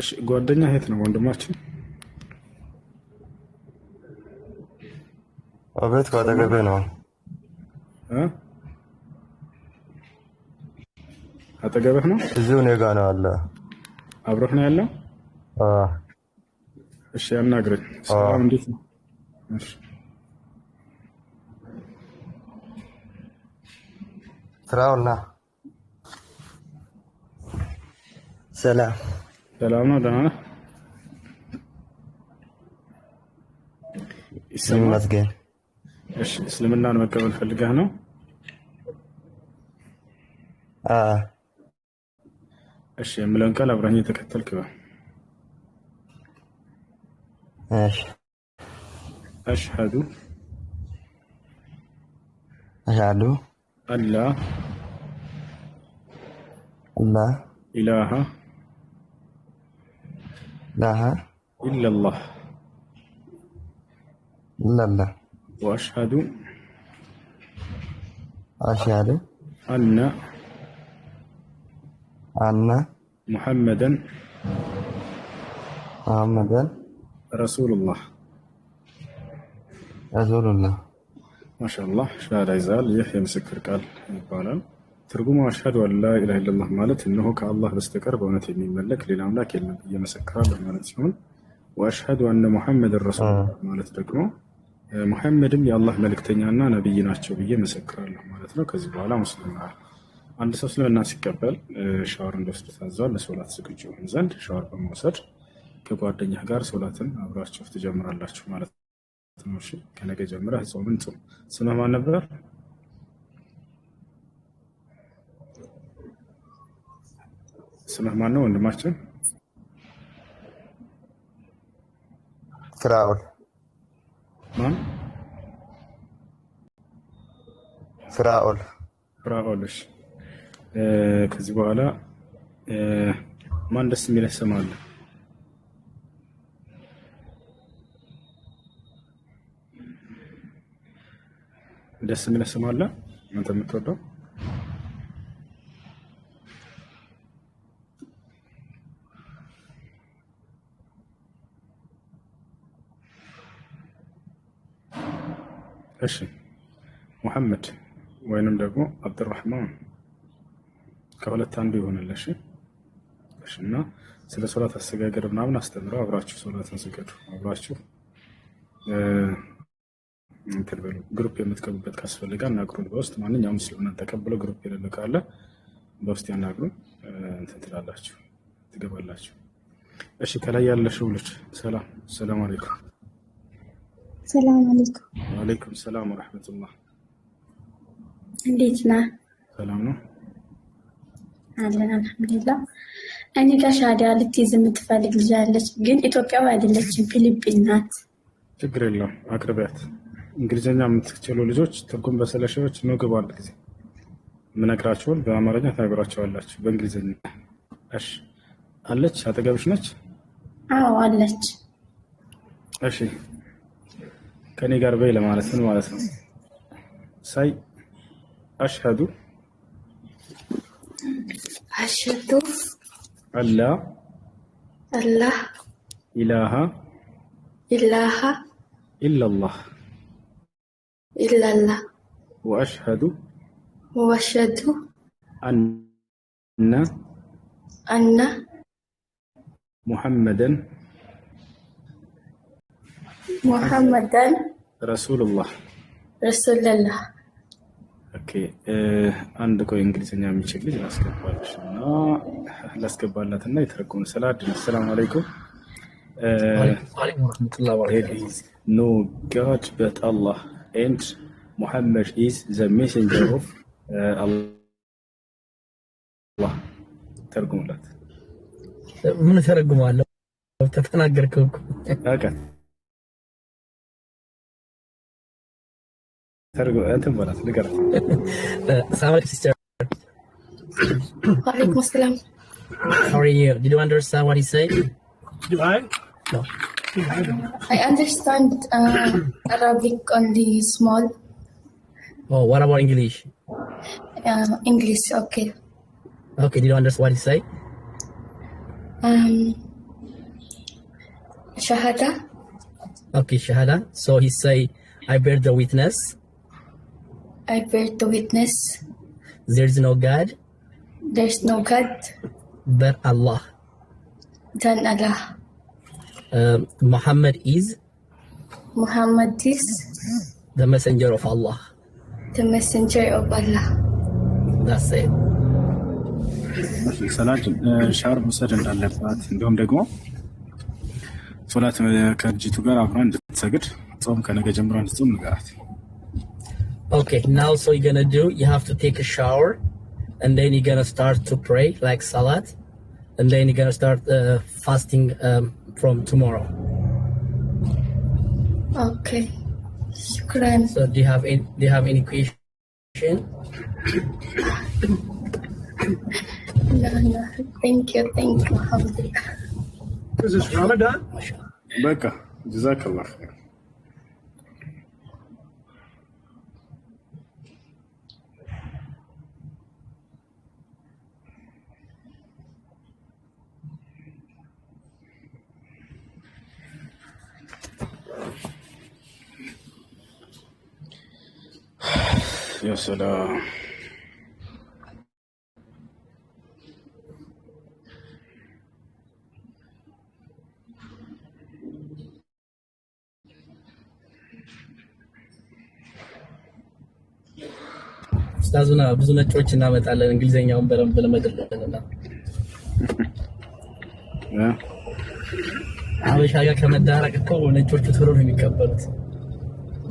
እሺ ጓደኛ የት ነው ወንድማችን? አቤት ካጠገቤ ነው። አጠገብህ ነው? እዚሁ እኔ ጋ ነው አለ። አብረህ ነው ያለው? አ እሺ አናግረኝ። ሰላም እንዴት ነው? እሺ ስራውና ሰላም السلام عليكم السلام عليكم ايش اسلمنا انا مكه الفلق هنا اه እሺ የምለውን ቃል አብረኝ የተከተልክ ነው። እሺ አሽሀዱ አሽሀዱ አላ አላ ኢላሃ لا إلا الله لا لا وأشهد أشهد أن أن محمدا محمدا رسول الله رسول الله ما شاء الله شهادة يزال يحيى مسكر قال يقال ትርጉሙ አሽሀዱ አን ላ ኢላሀ ኢለላህ ማለት እነሆ ከአላህ በስተቀር በእውነት የሚመለክ ሌላ አምላክ የለም ብዬ ማለት ሲሆን ወአሽሀዱ አነ ሙሐመድ ረሱሉላህ ማለት ደግሞ ሙሐመድም የአላህ መልእክተኛና ነቢይ ናቸው ብዬ እመሰክራለሁ ማለት ነው። ከዚህ በኋላ ሙስሊም አንድ ሰው እስልምና ሲቀበል ሻወር እንደወስድ ታዘዋል። ለሶላት ዝግጁ ሆን ዘንድ ሻወር በመውሰድ ከጓደኛ ጋር ሶላትን አብራችሁ ትጀምራላችሁ ማለት ነው። ከነገ ጀምረህ ጾምን ጾም ስምህ ማን ነበር? ስምህ ማን ነው ወንድማችን? ፍራኦል ማን? ፍራኦል ፍራኦል። እሺ፣ ከዚህ በኋላ ማን ደስ የሚለህ ስም አለ? ደስ የሚለህ ስም አለ አንተ የምትወደው እሺ ሙሐመድ ወይንም ደግሞ አብዱራህማን ከሁለት አንዱ ይሆንልሽ። እሺ እና ስለ ሶላት አሰጋገድ ምናምን አስተምረው አብራችሁ ሶላትን ስገዱ፣ አብራችሁ እንትን በሉ። ግሩፕ የምትገቡበት ካስፈልጋ አናግሩን በውስጥ ማንኛውም ስለሆነ ተቀብለው ግሩፕ የሌለ ካለ በውስጥ ያናግሩን። እንትን ትላላችሁ፣ ትገባላችሁ። እሺ ከላይ ያለሽው ልጅ ሰላም፣ ሰላም አለይኩም፣ ሰላም አለይኩም አለይኩም ሰላም ወረሕመቱላህ። እንዴት ነህ? ሰላም ነው አለን አልሐምዱሊላህ። እኔ ጋር ሻዳ ልትይዝ የምትፈልግ ልጅ አለች፣ ግን ኢትዮጵያዊ አይደለችም፣ ፊሊፒን ናት። ችግር የለውም አቅርቢያት። እንግሊዝኛ የምትችሉ ልጆች ትርጉም በሰለሺዎች ምግብ አንድ ጊዜ የምነግራችሁን በአማርኛ ታገራቸዋላችሁ በእንግሊዝኛ። እሺ አለች፣ አጠገብሽ ነች? አዎ አለች። እሺ ከኔ ጋር በይ ለማለት ነው ማለት ነው። ሳይ አሽሀዱ አሽሀዱ አላ አላ ኢላሃ ኢላሃ ኢላላህ ኢላላህ ወአሽሀዱ ወአሽሀዱ አና አና ሙሐመደን ሙሐመደን ረሱሉላህ ረሱልላህ። ኦኬ አንድ ቆይ እንግሊዝኛ የሚችል ልጅ ላስገባልሽ እና ላስገባላት እና የተረጎመ ስለ አድ ሰላም አለይኩም ኖ ጋድ በት አላህ ኤንድ ሙሐመድ ኢዝ ዘ ሜሴንጀር ኦፍ አላህ። ተርጉሙላት። ምን ተረጉማለሁ? ተተናገርከው ተርጉም ማለት ንገር። ሰላም አለይኩም ሲስተር። ወአለይኩም ሰላም። How are you? Did you understand what he said? Do I? No. I understand uh, Arabic only small. Oh, what about English? Uh, English, okay. Okay, did you understand what he said? Um, Shahada. Okay, Shahada. So he say, I bear the witness. I bear to witness. There's no God. There's no God. But Allah. Than Allah. Um, Muhammad is. Muhammad is. The messenger of Allah. The messenger of Allah. That's it. ሰላት ሻወር መውሰድ እንዳለባት እንዲሁም ደግሞ ሶላት ከእጅቱ ጋር አብራ እንድትሰግድ ጾም ከነገ ጀምሮ እንድትጾም ንገራት። Okay, now so you're gonna do, you have to take a shower and then you're gonna start to pray like Salat and then you're gonna start uh, fasting um, from tomorrow. Okay. Shukran. So do you have any, do you have any question? no, no. Thank you, thank you. This is Ramadan. Becca, Jazakallah. Ya salam. ስታዙና ብዙ ነጮች እናመጣለን። እንግሊዘኛውን በደንብ ለመድልንና አበሻ ጋር ከመዳረቅ እኮ ነጮቹ ቶሎ ነው የሚቀበሉት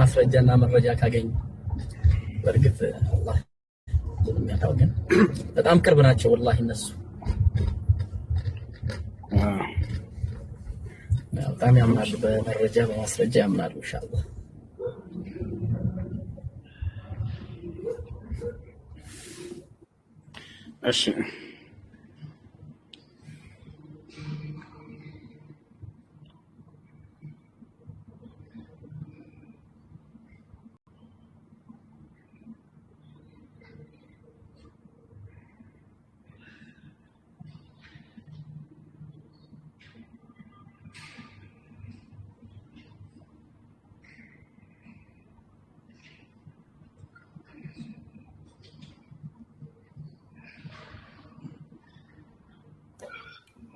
ማስረጃና መረጃ ካገኙ በእርግጥ አላህ የሚያታወቀን በጣም ቅርብ ናቸው። ወላሂ እነሱ በጣም ያምናሉ፣ በመረጃ በማስረጃ ያምናሉ። ኢንሻአላህ እሺ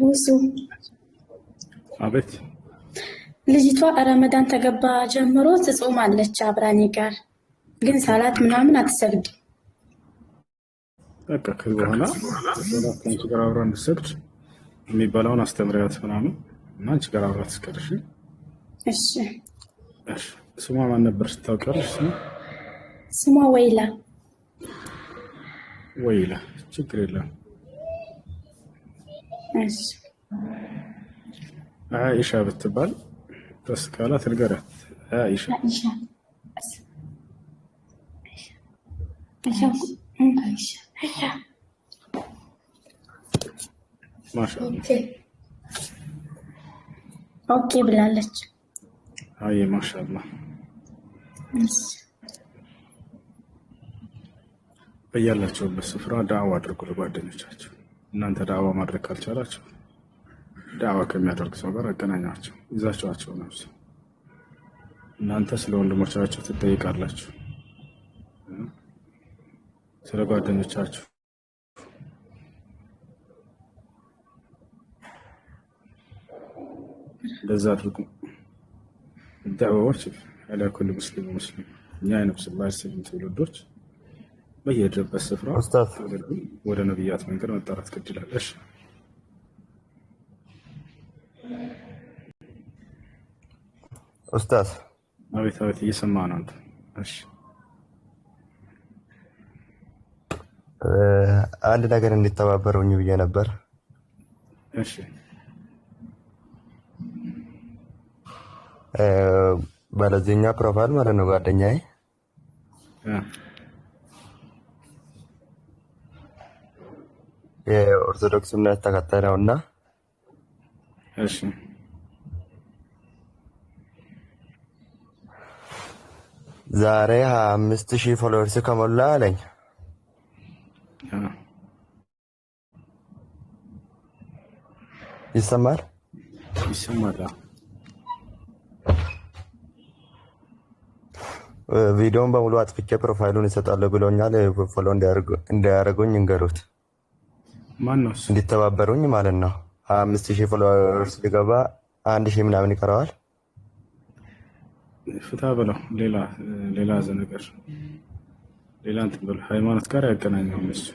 ሙሱ አቤት። ልጅቷ ረመዳን ተገባ ጀምሮ ትጾማለች አብራኔ ጋር ግን ሰላት ምናምን አትሰግድ። በቃ ከዚህ በኋላ ከአንቺ ጋር አብራ እንድትሰግድ የሚባለውን አስተምሪያት ምናምን እና አንቺ ጋር አብራ ትስቀርሽ። እሺ ስሟ ማን ነበር ስታውቂያለሽ? ስሟ ወይላ ወይላ። ችግር የለም አይሻ ብትባል ደስ ካላት ንገራት። አይሻ ኦኬ ብላለች። አይ ማሻአላህ በያላችሁበት ስፍራ ዳዕዋ አድርጉ ለጓደኞቻችሁ። እናንተ ዳዋ ማድረግ ካልቻላቸው ዳዋ ከሚያደርግ ሰው ጋር አገናኛቸው፣ ይዛቸዋቸው ነብስ። እናንተ ስለ ወንድሞቻቸው ትጠይቃላችሁ፣ ስለ ጓደኞቻችሁ እንደዛ አድርጉ። ዳዋዎች ያለ ኩል ሙስሊም ሙስሊም እኛ የነብስ ላ ትውልዶች በየሄድበት ስፍራ ወደ ነቢያት መንገድ መጣራት ግድ እሺ ኡስታዝ፣ አቤት አቤት፣ እየሰማህ ነው አንተ። እሺ አንድ ነገር እንዲተባበሩኝ ብዬ ነበር። እሺ ባለዚህኛ ፕሮፋይል ማለት ነው ጓደኛዬ የኦርቶዶክስ እምነት ተከታይ ነው እና ዛሬ ሀያ አምስት ሺህ ፎሎወርስ ከሞላ አለኝ። ይሰማል ይሰማል። ቪዲዮውን በሙሉ አጥፍቼ ፕሮፋይሉን ይሰጣለሁ ብሎኛል። ፎሎ እንዳያደረጉኝ እንገሩት። እንዲተባበሩኝ ማለት ነው። አምስት ሺህ ፎሎወርስ ሊገባ አንድ ሺህ ምናምን ይቀረዋል። ፍታ ብለው ሌላ ሌላ ነገር ሌላ እንትን ብለው ሃይማኖት ጋር አያገናኘውም። እሱ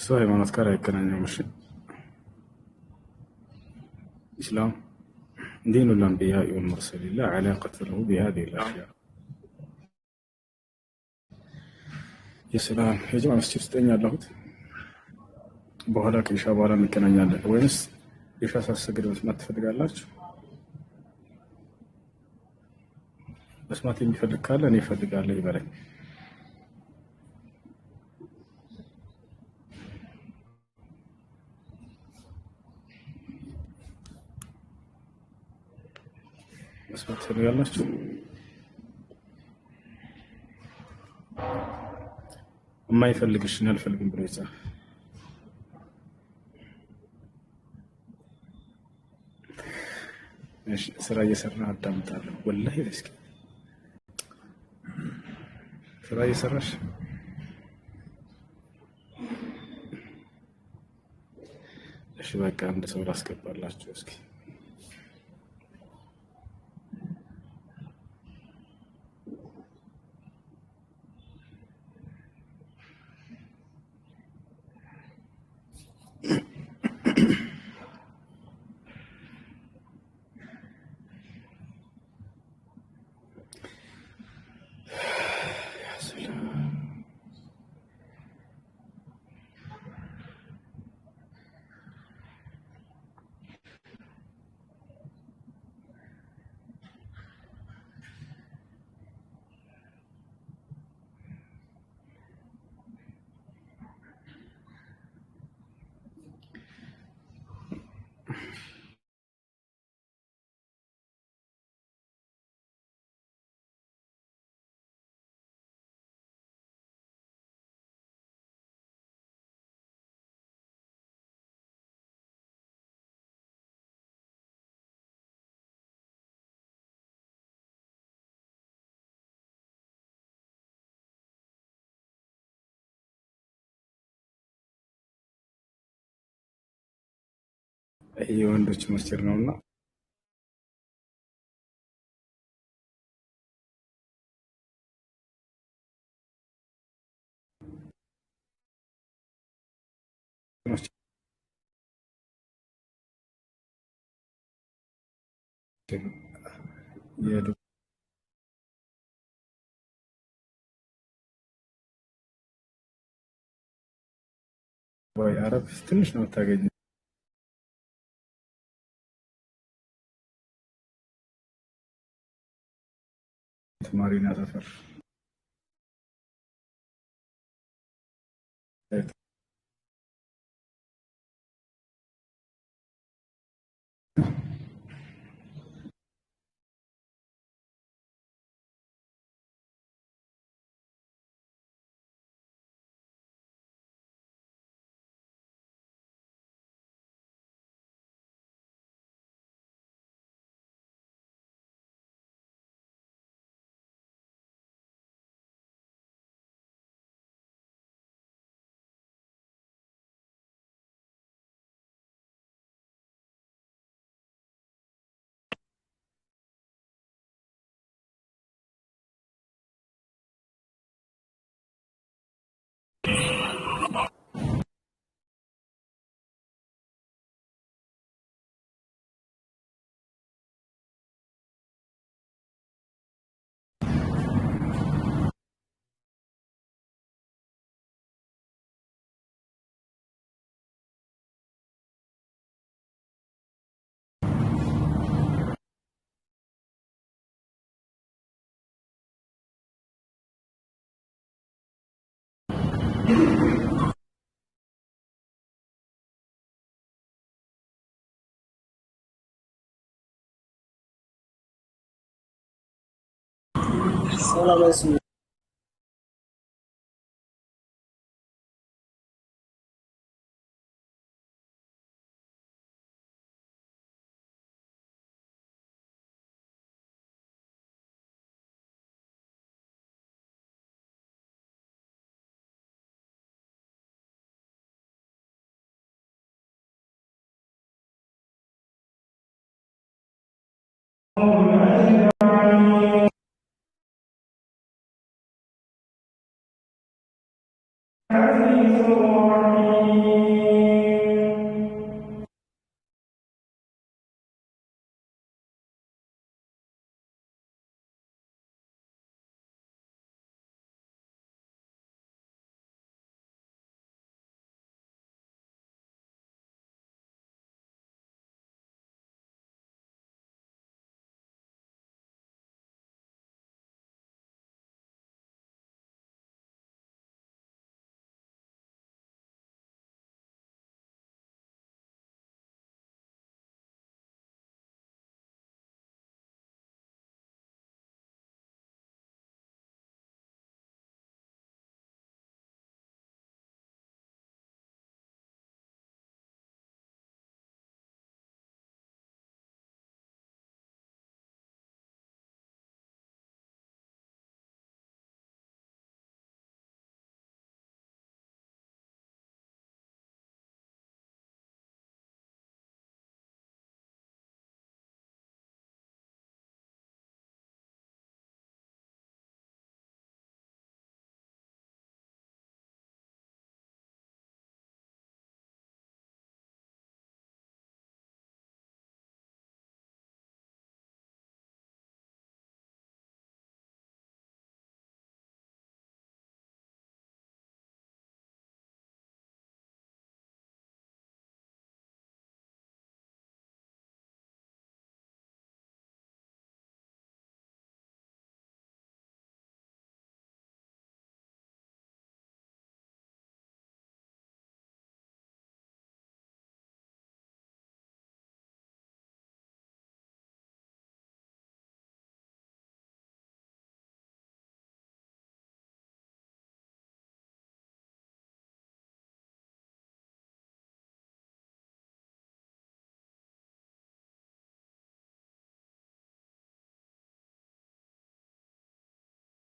እሱ ሃይማኖት ጋር አያገናኘውም። እሺ ኢስላም ዲኑ ልአንቢያ ወልሙርሰሊን ላ ዓላቀተ ለሁ ቢሃዚሂ ልአሽያ የሰላም የጀማ መስጅድ ውስጥ አለሁት በኋላ ከኢሻ በኋላ እንገናኛለን ወይስ ኢሻ ሳስገድ መስማት ትፈልጋላችሁ? መስማት የሚፈልግ ካለ እኔ እፈልጋለሁ ይበለኝ። መስማት ትፈልጋላችሁ? የማይፈልግሽን አልፈልግም ብሎ ይጻፍ። ስራ እየሰራ አዳምጣለሁ። ወላሂ እስኪ ስራ እየሰራሽ እሺ፣ በቃ አንድ ሰው ላስገባላችሁ እስኪ የወንዶች መስጅድ ነውና ወይ አረብ ትንሽ ነው የምታገኘው። Marina y Solamente العزيز الرحيم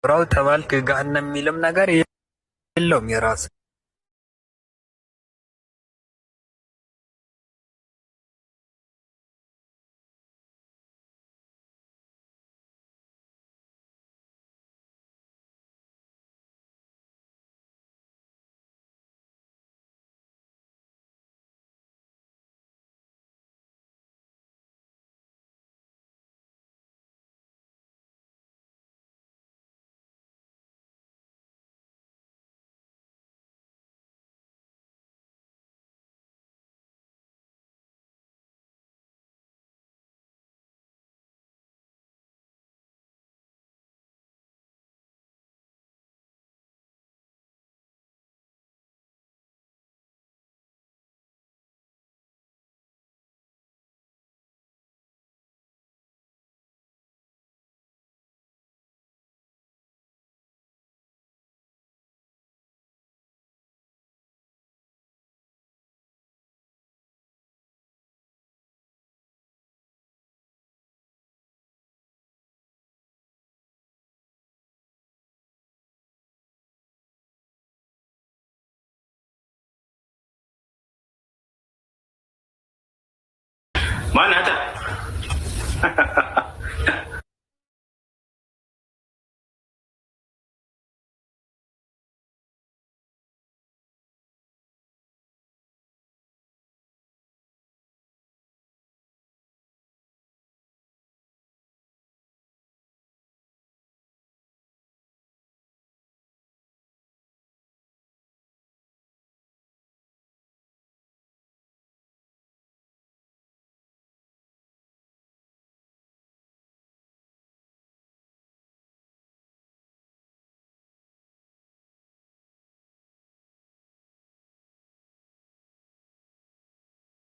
ስራው ተባልክ ጋህነም የሚልም ነገር የለውም። የራስ Mana tak?